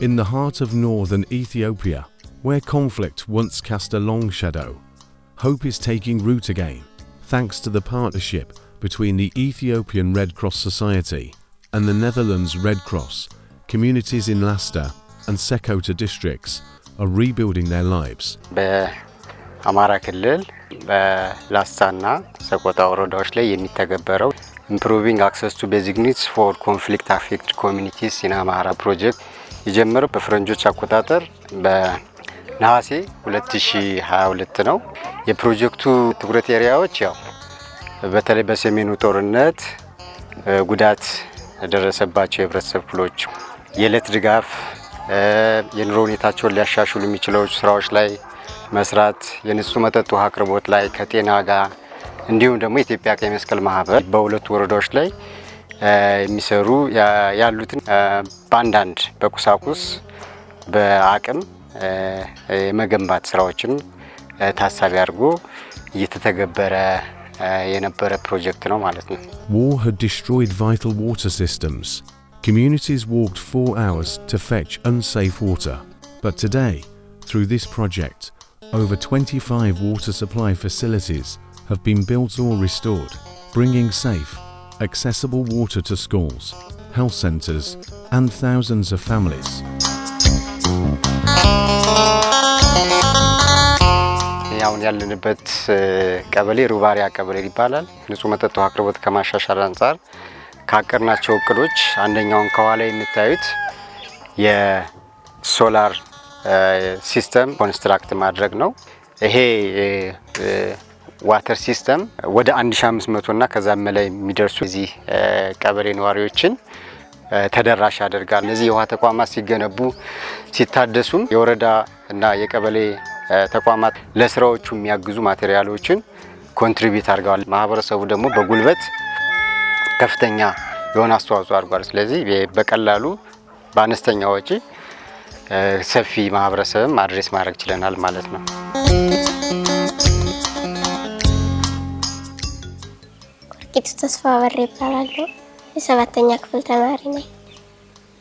In the heart of northern Ethiopia, where conflict once cast a long shadow, hope is taking root again, thanks to the partnership between the Ethiopian Red Cross Society and the Netherlands Red Cross. Communities in Lasta and Sekota districts are rebuilding their lives. በአማራ ክልል በላስታና ሰቆጣ ወረዳዎች ላይ የሚተገበረው ኢምፕሩቪንግ አክሰስ ቱ ቤዚክ ኒድስ ፎር ኮንፍሊክት አፌክትድ ኮሚኒቲስ ኢን አማራ ፕሮጀክት የጀመረው በፈረንጆች አቆጣጠር በነሐሴ 2022 ነው። የፕሮጀክቱ ትኩረት ኤሪያዎች ያው በተለይ በሰሜኑ ጦርነት ጉዳት ደረሰባቸው የህብረተሰብ ክፍሎች የዕለት ድጋፍ፣ የኑሮ ሁኔታቸውን ሊያሻሽሉ የሚችለው ስራዎች ላይ መስራት፣ የንጹህ መጠጥ ውሃ አቅርቦት ላይ ከጤና ጋር እንዲሁም ደግሞ የኢትዮጵያ ቀይ መስቀል ማህበር በሁለቱ ወረዳዎች ላይ የሚሰሩ ያሉትን በአንዳንድ በቁሳቁስ በአቅም የመገንባት ስራዎችን ታሳቢ አድርጎ እየተተገበረ የነበረ ፕሮጀክት ነው ማለት ነው። War had destroyed vital water systems. Communities walked four hours to fetch unsafe water. But today, through this project, over 25 water supply facilities have been built or restored, bringing safe accessible water to schools, health centres and thousands of families. አሁን ያለንበት ቀበሌ ሩባሪያ ቀበሌ ይባላል። ንጹህ መጠጥ ውሃ አቅርቦት ከማሻሻል አንጻር ካቀድናቸው እቅዶች አንደኛውን ከኋላ የምታዩት የሶላር ሲስተም ኮንስትራክት ማድረግ ነው። ይሄ ዋተር ሲስተም ወደ 1500 እና ከዛም በላይ የሚደርሱ እዚህ ቀበሌ ነዋሪዎችን ተደራሽ ያደርጋል። እነዚህ የውሃ ተቋማት ሲገነቡ ሲታደሱም የወረዳ እና የቀበሌ ተቋማት ለስራዎቹ የሚያግዙ ማቴሪያሎችን ኮንትሪቢዩት አድርገዋል። ማህበረሰቡ ደግሞ በጉልበት ከፍተኛ የሆነ አስተዋጽኦ አድርጓል። ስለዚህ በቀላሉ በአነስተኛ ወጪ ሰፊ ማህበረሰብም አድሬስ ማድረግ ችለናል ማለት ነው። ጥቂቱ ተስፋ በር ይባላለሁ። የሰባተኛ ክፍል ተማሪ ነኝ።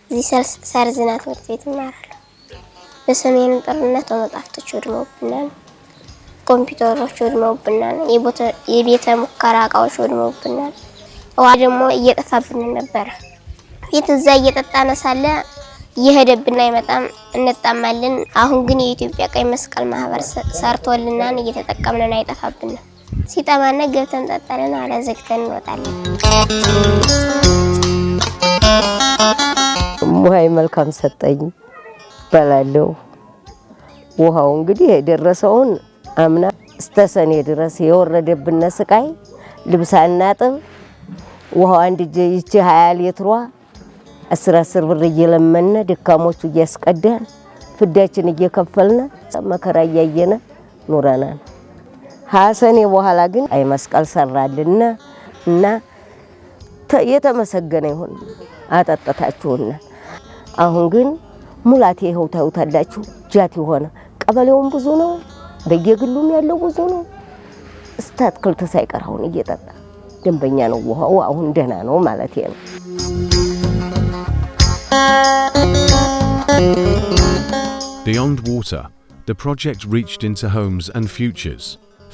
እዚህ ሳርዝና ትምህርት ቤት እማራለሁ። በሰሜኑ ጦርነት መጽሐፍቶች ወድመውብናል፣ ኮምፒውተሮች ወድመውብናል፣ የቤተ ሙከራ እቃዎች ወድመውብናል። ውሃ ደግሞ እየጠፋብን ነበረ። ቤት እዛ እየጠጣን ሳለ እየሄደብን አይመጣም፣ እንጣማለን። አሁን ግን የኢትዮጵያ ቀይ መስቀል ማህበር ሰርቶልናን እየተጠቀምንን አይጠፋብንም። ሲጠማነ ገብተን እንጠጣለን፣ ኋላ ዘግተን እንወጣለን። ሙሀይ መልካም ሰጠኝ ይባላለሁ። ውሃው እንግዲህ የደረሰውን አምና እስተ ሰኔ ድረስ የወረደብን ስቃይ ልብስ አናጥብ ውሃው አንድ ይቺ ሀያ ሌትሯ አስር አስር ብር እየለመነ ድካሞቹ እያስቀዳን ፍዳችን እየከፈልነ መከራ እያየነ ኑረናል። ሀሰኔ በኋላ ግን ቀይ መስቀል ሰራልና እና የተመሰገነ ይሁን አጠጠታችሁና አሁን ግን ሙላቴ ይኸው ታዩታላችሁ። ጃት የሆነ ቀበሌውም ብዙ ነው፣ በየግሉም ያለው ብዙ ነው። እስከ አትክልት ሳይቀር አሁን እየጠጣ ደንበኛ ነው። ውሃው አሁን ደህና ነው ማለት ነው። Beyond water, the project reached into homes and futures.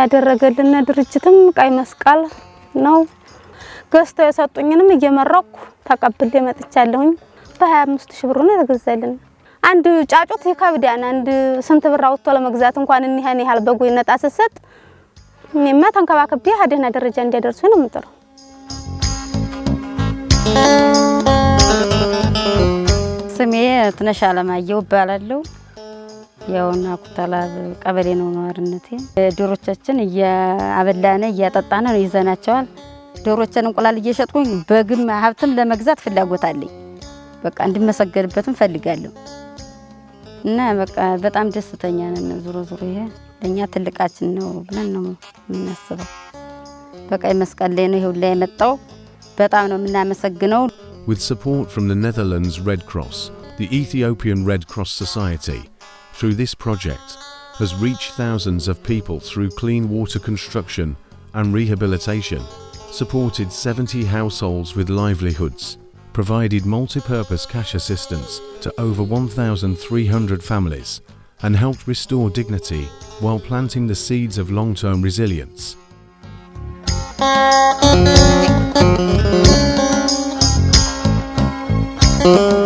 ያደረገልን ድርጅትም ቀይ መስቀል ነው። ገዝተው የሰጡኝንም እየመረኩ ተቀብሌ መጥቻለሁኝ። በ25 ሺህ ብር ነው የተገዛልን። አንድ ጫጩት ይከብዳን። አንድ ስንት ብር አውጥቶ ለመግዛት እንኳን እኒህን ያህል በጎይ ነጣ ስትሰጥ እኔማ ተንከባክቤ አደህና ደረጃ እንዲያደርሱ ነው የምጥረው። ስሜ ትነሽ አለማየሁ እባላለሁ። ያውና ኩታላ ቀበሌ ነው ነዋሪነቴ። ዶሮቻችን እያበላነ እያጠጣነ ነው ይዘናቸዋል። ዶሮችን እንቁላል እየሸጥኩኝ በግም ሀብትም ለመግዛት ፍላጎት አለኝ። በቃ እንድመሰገንበትም ፈልጋለሁ እና በቃ በጣም ደስተኛ ነን። ዙሮ ዙሮ ይሄ ለእኛ ትልቃችን ነው ብለን ነው የምናስበው። በቃ መስቀል ላይ ነው ይሄው ላይ የመጣው። በጣም ነው የምናመሰግነው። With support from the Netherlands Red Cross, the Ethiopian Red Cross Society through this project has reached thousands of people through clean water construction and rehabilitation, supported 70 households with livelihoods, provided multi-purpose cash assistance to over 1,300 families and helped restore dignity while planting the seeds of long-term resilience. Thank you.